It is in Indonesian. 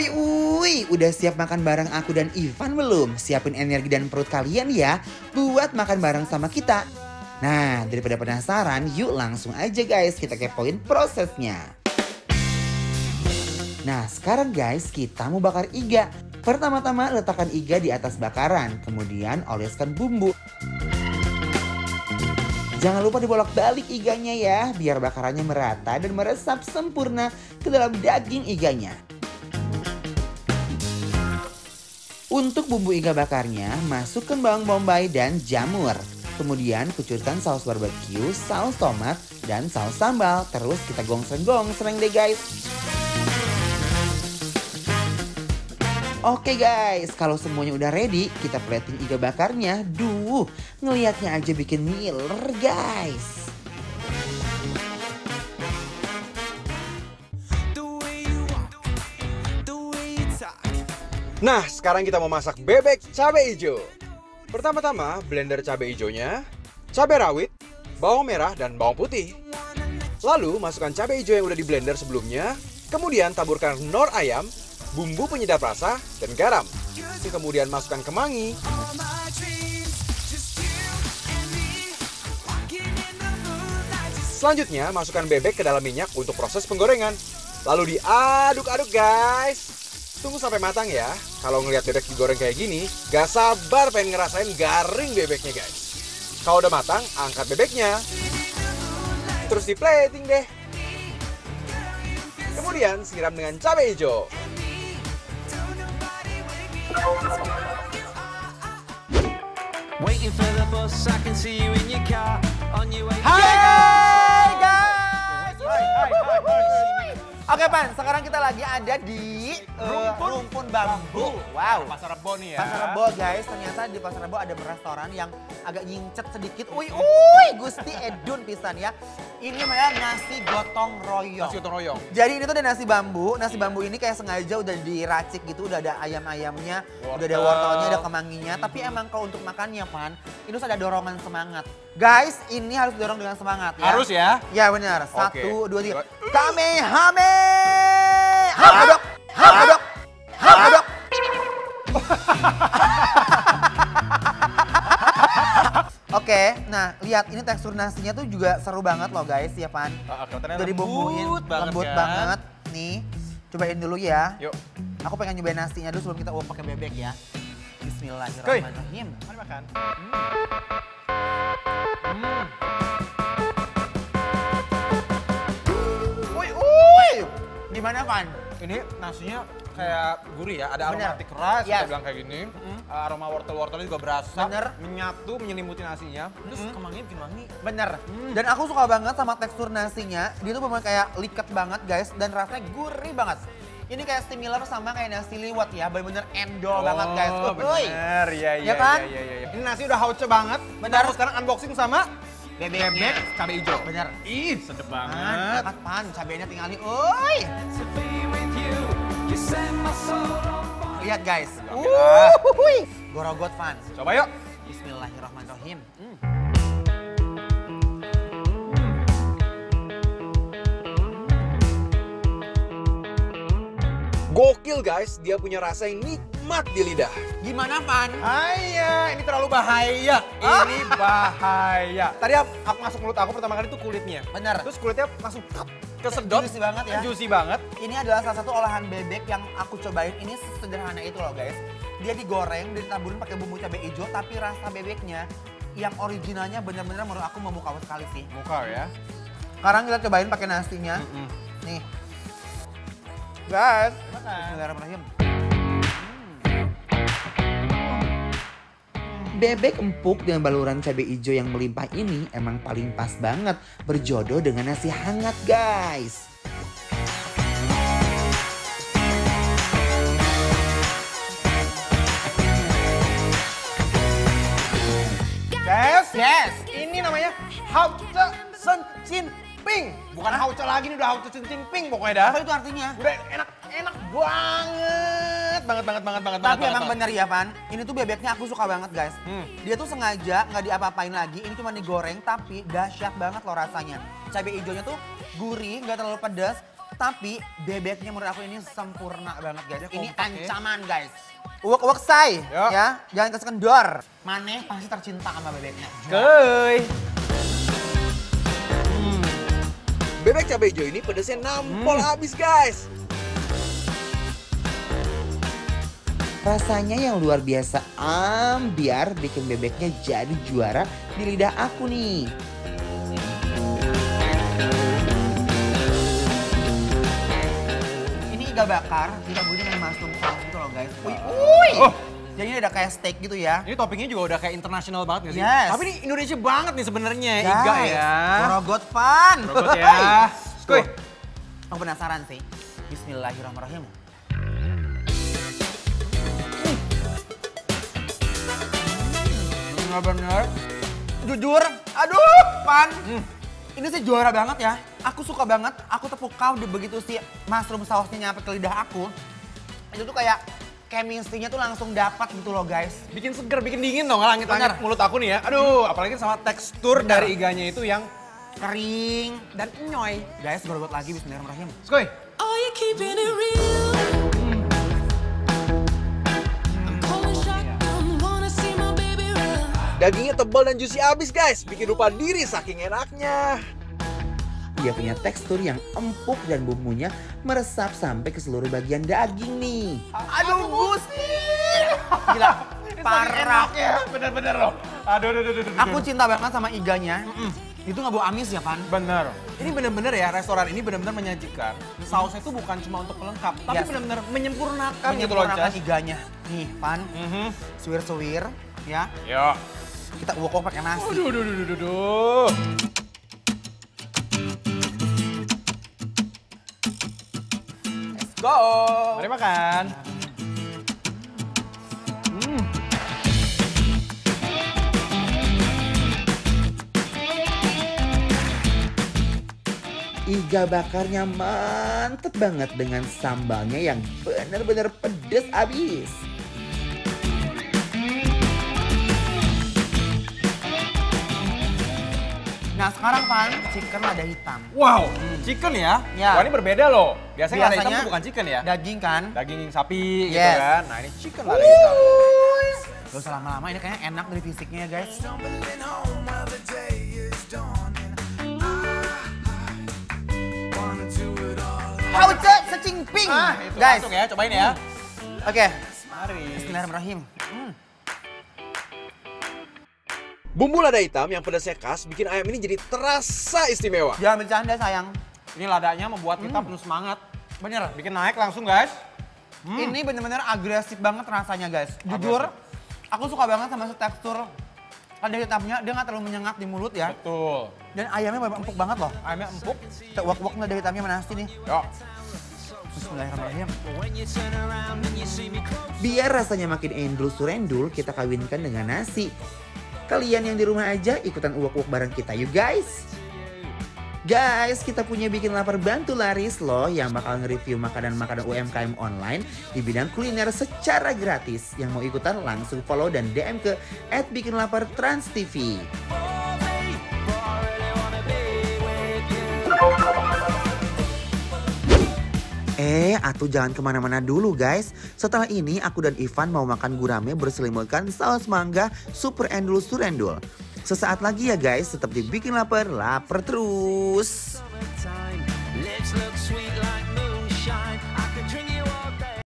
Uy uy, udah siap makan bareng aku dan Ivan belum? Siapin energi dan perut kalian ya buat makan bareng sama kita. Nah, daripada penasaran, yuk langsung aja guys kita kepoin prosesnya. Nah, sekarang guys kita mau bakar iga. Pertama-tama letakkan iga di atas bakaran, kemudian oleskan bumbu. Jangan lupa dibolak-balik iganya ya, biar bakarannya merata dan meresap sempurna ke dalam daging iganya. Untuk bumbu iga bakarnya, masukkan bawang bombay dan jamur. Kemudian kucurkan saus barbeque, saus tomat, dan saus sambal. Terus kita gongseng seneng deh guys. Oke guys, kalau semuanya udah ready, kita plating iga bakarnya. Duh, ngelihatnya aja bikin miler guys. Nah, sekarang kita mau masak bebek cabai hijau. Pertama-tama, blender cabai hijaunya, cabai rawit, bawang merah, dan bawang putih. Lalu, masukkan cabai hijau yang udah di blender sebelumnya, kemudian taburkan nor ayam, bumbu penyedap rasa, dan garam. Kemudian masukkan kemangi, Selanjutnya, masukkan bebek ke dalam minyak untuk proses penggorengan. Lalu diaduk-aduk guys. Tunggu sampai matang ya. Kalau ngelihat bebek digoreng kayak gini, gak sabar pengen ngerasain garing bebeknya guys. Kalau udah matang, angkat bebeknya. Terus di plating deh. Kemudian siram dengan cabai hijau. Hai guys! Oke Pan, sekarang kita lagi ada di uh, rumpun, bambu. bambu. Wow. Pasar Rebo nih ya. Pasar Rebo guys, ternyata di Pasar Rebo ada restoran yang agak nyincet sedikit. Ui, ui, Gusti Edun pisan ya. Ini namanya nasi gotong royong. Nasi gotong royong. Jadi ini tuh ada nasi bambu. Nasi iya. bambu ini kayak sengaja udah diracik gitu, udah ada ayam-ayamnya, udah ada wortelnya, ada kemanginya. Hmm. Tapi emang kalau untuk makannya Pan, ini tuh ada dorongan semangat. Guys, ini harus dorong dengan semangat ya. Harus ya? Ya benar. Satu, okay. dua, tiga. Hmm. Kame hame! Hakodok! Hakodok! Oke, nah lihat ini tekstur nasinya tuh juga seru banget loh guys ya Pan. Oh, Jadi bumbuin, lembut banget. Lembut kan? banget. Nih, cobain dulu ya. Yuk. Aku pengen nyobain nasinya dulu sebelum kita uap pakai bebek ya. Bismillahirrahmanirrahim. Mari makan. Hmm. hmm. woi, Gimana, Van? Ini nasinya kayak gurih ya, ada aroma aroma keras, yes. kita bilang kayak gini. Mm -hmm. Eh, aroma wortel-wortelnya juga berasa, Bener. menyatu, menyelimuti nasinya. Terus mm -hmm. kemanginya bikin Bener. Mm. Dan aku suka banget sama tekstur nasinya, dia tuh memang kayak liket banget guys, dan rasanya gurih banget. Ini kayak similar sama kayak nasi liwet ya, bener-bener endol oh, banget guys. Oh bener, iya iya ya, kan? iya iya. Ya. Ini nasi udah hauce banget, benar. sekarang unboxing sama bebek, bebek cabai hijau. Bener. Ih, sedep banget. Angkat ah, pan, cabainya tinggal nih, oi. Lihat guys. Goro Gorogot fans. Coba yuk. Bismillahirrahmanirrahim. gokil guys, dia punya rasa yang nikmat di lidah. Gimana Pan? Ayah, ini terlalu bahaya. Ini bahaya. Tadi aku masuk mulut aku pertama kali itu kulitnya. Benar. Terus kulitnya langsung kesedot. Juicy banget ya. Juicy banget. Ini adalah salah satu olahan bebek yang aku cobain. Ini sederhana itu loh guys. Dia digoreng, ditaburin pakai bumbu cabai hijau, tapi rasa bebeknya yang originalnya benar-benar menurut aku memukau sekali sih. Mukau ya. Sekarang kita cobain pakai nasinya. Mm -mm. Nih, guys. Bismillahirrahmanirrahim. Hmm. Bebek empuk dengan baluran cabai hijau yang melimpah ini emang paling pas banget berjodoh dengan nasi hangat guys. Yes, yes. Ini namanya Haute Sencin Bukan Hah? hauco lagi nih, udah hauco cincin pink pokoknya dah. Apa itu artinya? Udah enak enak banget, banget banget banget banget. Tapi emang banget. bener ya, Van. Ini tuh bebeknya aku suka banget, guys. Hmm. Dia tuh sengaja nggak diapa-apain lagi. Ini cuma digoreng, tapi dahsyat banget loh rasanya. Cabai hijaunya tuh gurih, nggak terlalu pedas. Tapi bebeknya menurut aku ini sempurna banget, guys. Ini ya. ancaman, guys. Uwak-uwak say, ya. Jangan kesekendor. Maneh pasti tercinta sama bebeknya. Kuy. Bebek cabai hijau ini pedasnya nampol hmm. abis guys. Rasanya yang luar biasa ambiar bikin bebeknya jadi juara di lidah aku nih. Ini iga bakar, kita bunyi dengan mushroom sauce gitu loh guys. Wih, ah. wih. Oh. Jadi ini ada kayak steak gitu ya. Ini toppingnya juga udah kayak internasional banget gak sih? Yes. Tapi ini Indonesia banget nih sebenarnya, yes. Ya, Iga ya. Gorogot fun. Gorogot ya. Kuy. Ya. Aku penasaran sih. Bismillahirrahmanirrahim. Hmm. bener-bener. Jujur, aduh, pan. Hmm. Ini sih juara banget ya. Aku suka banget, aku tepuk kau di begitu si mushroom sausnya nyampe ke lidah aku. Itu tuh kayak chemistry-nya tuh langsung dapat gitu loh guys. Bikin seger, bikin dingin dong langit-langit mulut aku nih ya. Aduh, apalagi sama tekstur Bener. dari iganya itu yang kering dan nyoy. Guys, buat lagi bismillahirrahmanirrahim. Skoy. Oh, you keeping it hmm. ya. real. Dagingnya tebal dan juicy abis guys, bikin lupa diri saking enaknya dia punya tekstur yang empuk dan bumbunya meresap sampai ke seluruh bagian daging nih. Aduh, Gusti. Gila, parah. ya, bener-bener loh. Aduh, aduh, aduh, aduh, Aku cinta banget sama iganya. Mm -mm. Itu nggak bau amis ya, Van? Bener. Ini bener-bener ya, restoran ini bener-bener menyajikan. Sausnya itu bukan cuma untuk pelengkap, tapi yes. bener-bener menyempurnakan, menyempurnakan ya, iganya. Nih, Pan. mm -hmm. suwir-suwir ya. Yo. Iya. Kita uwok pakai nasi. Aduh, aduh, aduh, aduh, aduh. go! Mari makan. Hmm. Iga bakarnya mantep banget dengan sambalnya yang benar-benar pedes abis. Sekarang Van, chicken ada hitam. Wow, hmm. chicken ya? ya? Wah ini berbeda loh. Biasanya, Biasanya ada hitam bukan chicken ya? Daging kan? Daging sapi gitu yes. gitu kan. Nah ini chicken ada hitam. Gitu. Gak usah lama-lama, ini kayaknya enak dari fisiknya ya guys. secing ping? Ah, guys. langsung ya, cobain ya. Hmm. Oke. Okay. Mari. Bismillahirrahmanirrahim. Hmm. Bumbu lada hitam yang pedasnya khas bikin ayam ini jadi terasa istimewa. Jangan bercanda sayang. Ini ladanya membuat kita hmm. penuh semangat. Bener, bikin naik langsung guys. Hmm. Ini bener-bener agresif banget rasanya guys. Jujur, agresif. aku suka banget sama tekstur lada hitamnya. Dia nggak terlalu menyengat di mulut ya. Betul. Dan ayamnya empuk banget loh. Ayamnya empuk. Kita wak-wak lada hitamnya mana nih. Yo. Ya. Bismillahirrahmanirrahim. Biar rasanya makin endul surendul, kita kawinkan dengan nasi. Kalian yang di rumah aja ikutan uak-uak bareng kita yuk guys. Guys, kita punya bikin lapar bantu laris loh yang bakal nge-review makanan-makanan UMKM online di bidang kuliner secara gratis. Yang mau ikutan langsung follow dan DM ke @bikinlapartransTV. Trans TV. Eh, atau jangan kemana-mana dulu guys. Setelah ini aku dan Ivan mau makan gurame berselimutkan saus mangga super endul surendul. Sesaat lagi ya guys, tetap dibikin lapar, lapar terus.